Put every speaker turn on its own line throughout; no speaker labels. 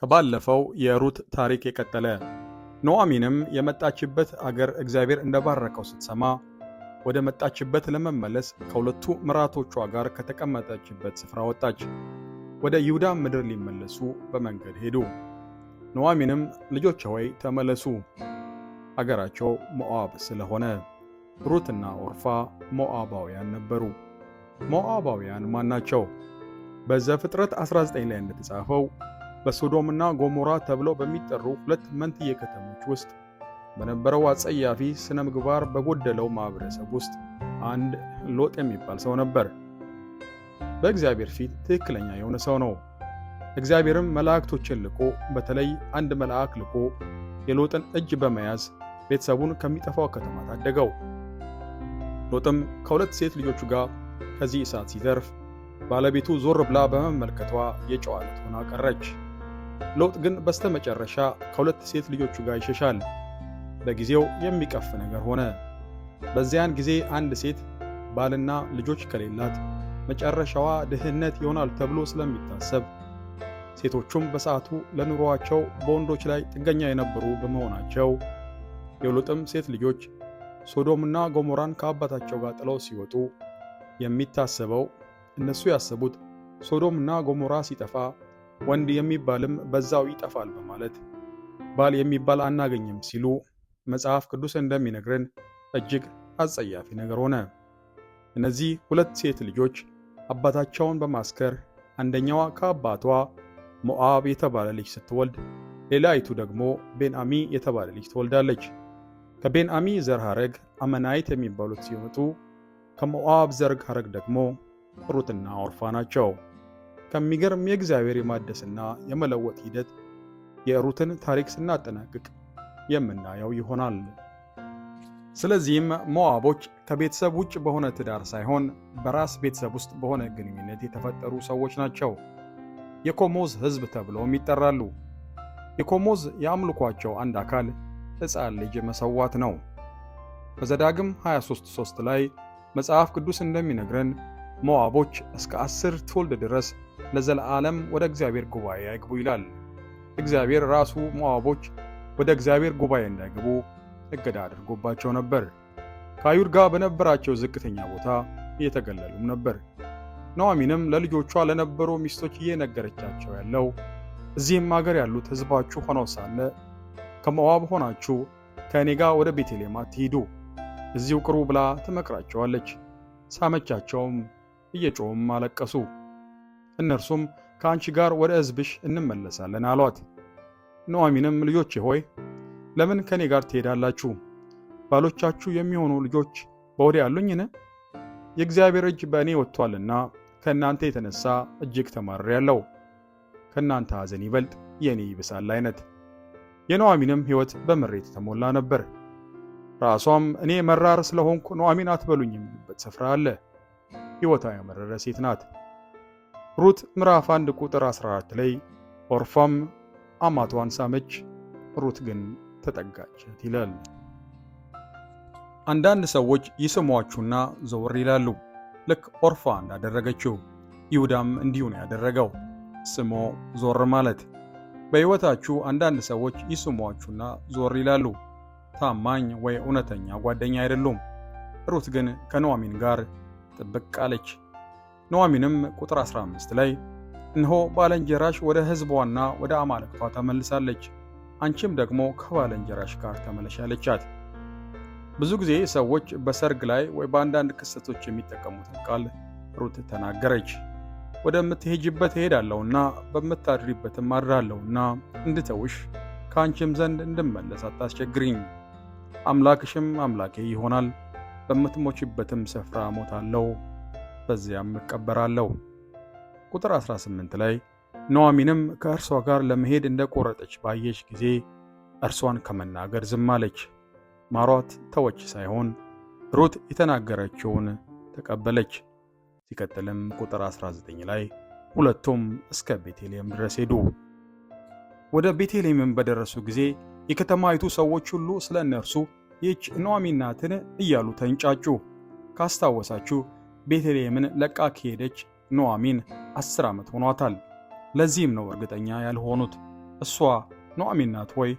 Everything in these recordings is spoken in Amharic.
ከባለፈው የሩት ታሪክ የቀጠለ። ኑዓሚንም የመጣችበት አገር እግዚአብሔር እንደባረከው ስትሰማ ወደ መጣችበት ለመመለስ ከሁለቱ ምራቶቿ ጋር ከተቀመጠችበት ስፍራ ወጣች። ወደ ይሁዳ ምድር ሊመለሱ በመንገድ ሄዱ። ነዋሚንም ልጆች ሆይ ተመለሱ፣ አገራቸው ሞዓብ ስለሆነ። ሩትና ኦርፋ ሞዓባውያን ነበሩ። ሞዓባውያን ማን ናቸው? በዘፍጥረት 19 ላይ እንደተጻፈው በሶዶምና ጎሞራ ተብለው በሚጠሩ ሁለት መንትዬ ከተሞች ውስጥ በነበረው አጸያፊ ስነ ምግባር በጎደለው ማኅበረሰብ ውስጥ አንድ ሎጥ የሚባል ሰው ነበር። በእግዚአብሔር ፊት ትክክለኛ የሆነ ሰው ነው። እግዚአብሔርም መላእክቶችን ልኮ በተለይ አንድ መልአክ ልኮ የሎጥን እጅ በመያዝ ቤተሰቡን ከሚጠፋው ከተማ ታደገው። ሎጥም ከሁለት ሴት ልጆቹ ጋር ከዚህ እሳት ሲተርፍ ባለቤቱ ዞር ብላ በመመልከቷ የጨዋ ሆና ቀረች። ሎጥ ግን በስተመጨረሻ ከሁለት ሴት ልጆቹ ጋር ይሸሻል። በጊዜው የሚቀፍ ነገር ሆነ። በዚያን ጊዜ አንድ ሴት ባልና ልጆች ከሌላት መጨረሻዋ ድህነት ይሆናል ተብሎ ስለሚታሰብ ሴቶቹም በሰዓቱ ለኑሮአቸው በወንዶች ላይ ጥገኛ የነበሩ በመሆናቸው የሎጥም ሴት ልጆች ሶዶምና ጎሞራን ከአባታቸው ጋር ጥለው ሲወጡ የሚታሰበው እነሱ ያሰቡት ሶዶምና ጎሞራ ሲጠፋ ወንድ የሚባልም በዛው ይጠፋል በማለት ባል የሚባል አናገኝም ሲሉ መጽሐፍ ቅዱስ እንደሚነግረን እጅግ አጸያፊ ነገር ሆነ። እነዚህ ሁለት ሴት ልጆች አባታቸውን በማስከር አንደኛዋ ከአባቷ ሞዓብ የተባለ ልጅ ስትወልድ፣ ሌላይቱ ደግሞ ቤንአሚ የተባለ ልጅ ትወልዳለች። ከቤንአሚ ዘር ሐረግ አመናይት የሚባሉት ሲመጡ ከሞዓብ ዘር ሐረግ ደግሞ ሩትና ኦርፋ ናቸው። ከሚገርም የእግዚአብሔር የማደስና የመለወጥ ሂደት የሩትን ታሪክ ስናጠናቅቅ የምናየው ይሆናል። ስለዚህም ሞዓቦች ከቤተሰብ ውጭ በሆነ ትዳር ሳይሆን በራስ ቤተሰብ ውስጥ በሆነ ግንኙነት የተፈጠሩ ሰዎች ናቸው። የኮሞዝ ሕዝብ ተብለውም ይጠራሉ። የኮሞዝ የአምልኳቸው አንድ አካል ሕፃን ልጅ መሰዋት ነው። በዘዳግም 23:3 ላይ መጽሐፍ ቅዱስ እንደሚነግረን ሞዓቦች እስከ አስር ትውልድ ድረስ ለዘላለም ወደ እግዚአብሔር ጉባኤ አይግቡ ይላል። እግዚአብሔር ራሱ ሞዓቦች ወደ እግዚአብሔር ጉባኤ እንዳይግቡ እገዳ አድርጎባቸው ነበር። ከአይሁድ ጋር በነበራቸው ዝቅተኛ ቦታ እየተገለሉም ነበር። ኑኃሚንም ለልጆቿ ለነበሩ ሚስቶች እየነገረቻቸው ያለው እዚህም አገር ያሉት ሕዝባችሁ ሆነው ሳለ ከሞዓብ ሆናችሁ ከእኔ ጋር ወደ ቤተልሔም አትሂዱ፣ እዚሁ ቅሩ ብላ ትመክራቸዋለች። ሳመቻቸውም፣ እየጮሁም አለቀሱ። እነርሱም ከአንቺ ጋር ወደ ሕዝብሽ እንመለሳለን አሏት። ኑዓሚንም ልጆቼ ሆይ ለምን ከእኔ ጋር ትሄዳላችሁ? ባሎቻችሁ የሚሆኑ ልጆች በወዴ አሉኝን? የእግዚአብሔር እጅ በእኔ ወጥቷልና ከእናንተ የተነሳ እጅግ ተማርሬአለሁ። ከእናንተ ሐዘን ይበልጥ የእኔ ይብሳል አይነት። የኑዓሚንም ሕይወት በምሬት የተሞላ ነበር። ራሷም እኔ መራር ስለሆንኩ ኑዓሚን አትበሉኝ የሚልበት ስፍራ አለ። ሕይወቷ ያመረረ ሴት ናት። ሩት ምዕራፍ 1 ቁጥር 14 ላይ ኦርፋም አማቷን ሳመች፣ ሩት ግን ተጠጋቻት ይላል። አንዳንድ ሰዎች ይስሟችሁና ዘወር ይላሉ፣ ልክ ኦርፋ እንዳደረገችው። ይሁዳም እንዲሁ ነው ያደረገው፣ ስሞ ዞር ማለት። በሕይወታችሁ አንዳንድ ሰዎች ይስሟችሁና ዞር ይላሉ። ታማኝ ወይ እውነተኛ ጓደኛ አይደሉም። ሩት ግን ከኑኃሚን ጋር ጥብቅ አለች። ነዋሚንም ቁጥር 15 ላይ እነሆ ባለንጀራሽ ወደ ሕዝቧና ወደ አማልክቷ ተመልሳለች፣ አንቺም ደግሞ ከባለንጀራሽ ጋር ተመለሻለቻት። ብዙ ጊዜ ሰዎች በሰርግ ላይ ወይ በአንዳንድ ክስተቶች የሚጠቀሙትን ቃል ሩት ተናገረች። ወደምትሄጅበት እሄዳለሁና በምታድሪበትም አድራለሁና እንድተውሽ ከአንቺም ዘንድ እንድመለስ አታስቸግሪኝ፣ አምላክሽም አምላኬ ይሆናል፣ በምትሞችበትም ስፍራ እሞታለሁ በዚያም እቀበራለሁ። ቁጥር 18 ላይ ኑዋሚንም ከእርሷ ጋር ለመሄድ እንደቆረጠች ባየች ጊዜ እርሷን ከመናገር ዝም አለች። ማሯት ተወች ሳይሆን ሩት የተናገረችውን ተቀበለች። ሲቀጥልም ቁጥር 19 ላይ ሁለቱም እስከ ቤተልሔም ድረስ ሄዱ። ወደ ቤተልሔምም በደረሱ ጊዜ የከተማይቱ ሰዎች ሁሉ ስለ እነርሱ ይህች ኑዖሚ ናትን እያሉ ተንጫጩ። ካስታወሳችሁ ቤተልሔምን ለቃ ከሄደች ኑዓሚን አስር ዓመት ሆኗታል። ለዚህም ነው እርግጠኛ ያልሆኑት። እሷ ኑዓሚን ናት ወይ?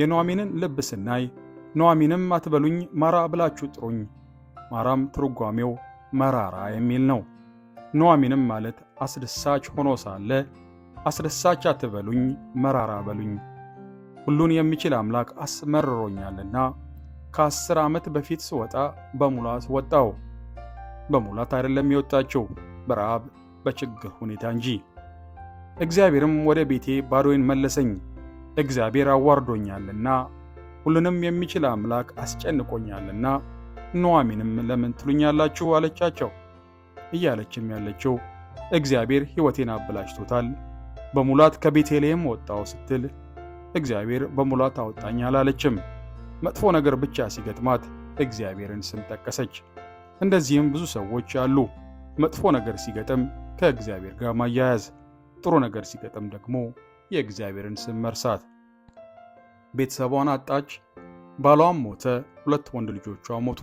የኑዓሚንን ልብ ስናይ ኑዓሚንም አትበሉኝ ማራ ብላችሁ ጥሩኝ፣ ማራም ትርጓሜው መራራ የሚል ነው። ኑዓሚንም ማለት አስደሳች ሆኖ ሳለ አስደሳች አትበሉኝ መራራ በሉኝ፣ ሁሉን የሚችል አምላክ አስመርሮኛልና ከአስር ዓመት በፊት ስወጣ በሙላት ወጣው በሙላት አይደለም የወጣቸው በረሃብ በችግር ሁኔታ እንጂ። እግዚአብሔርም ወደ ቤቴ ባዶዬን መለሰኝ፣ እግዚአብሔር አዋርዶኛልና ሁሉንም የሚችል አምላክ አስጨንቆኛልና ኑኃሚንም ለምን ትሉኛላችሁ አለቻቸው። እያለችም ያለችው እግዚአብሔር ሕይወቴን አበላሽቶታል፣ በሙላት ከቤተልሔም ወጣው ስትል እግዚአብሔር በሙላት አወጣኝ አላለችም። መጥፎ ነገር ብቻ ሲገጥማት እግዚአብሔርን ስም ጠቀሰች። እንደዚህም ብዙ ሰዎች አሉ። መጥፎ ነገር ሲገጥም ከእግዚአብሔር ጋር ማያያዝ፣ ጥሩ ነገር ሲገጥም ደግሞ የእግዚአብሔርን ስም መርሳት። ቤተሰቧን አጣች፣ ባሏም ሞተ፣ ሁለት ወንድ ልጆቿ ሞቱ።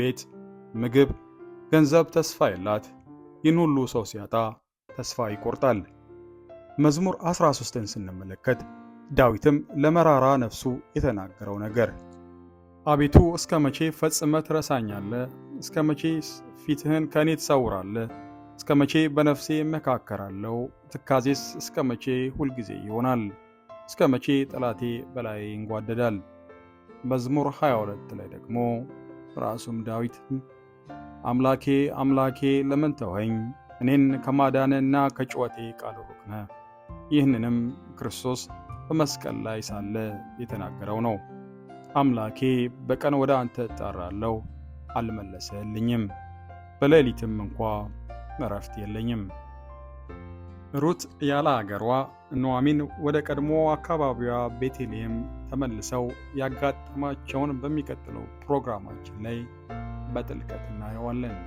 ቤት፣ ምግብ፣ ገንዘብ ተስፋ የላት። ይህን ሁሉ ሰው ሲያጣ ተስፋ ይቆርጣል። መዝሙር 13ን ስንመለከት ዳዊትም ለመራራ ነፍሱ የተናገረው ነገር አቤቱ እስከ መቼ ፈጽመ ትረሳኛለ? እስከ መቼ ፊትህን ከእኔ ትሰውራለ? እስከ መቼ በነፍሴ መካከራለሁ? ትካዜስ እስከ መቼ ሁልጊዜ ይሆናል? እስከ መቼ ጠላቴ በላይ ይንጓደዳል? መዝሙር 22 ላይ ደግሞ ራሱም ዳዊት አምላኬ አምላኬ ለምን ተውኸኝ? እኔን ከማዳንና ከጭወቴ ቃል ሩቅ ይህንንም ክርስቶስ በመስቀል ላይ ሳለ የተናገረው ነው። አምላኬ በቀን ወደ አንተ እጣራለሁ፣ አልመለሰልኝም፣ በሌሊትም እንኳ እረፍት የለኝም። ሩት ያለ አገሯ ኑኃሚን ወደ ቀድሞ አካባቢዋ ቤተልሔም ተመልሰው ያጋጠማቸውን በሚቀጥለው ፕሮግራማችን ላይ በጥልቀት እናየዋለን።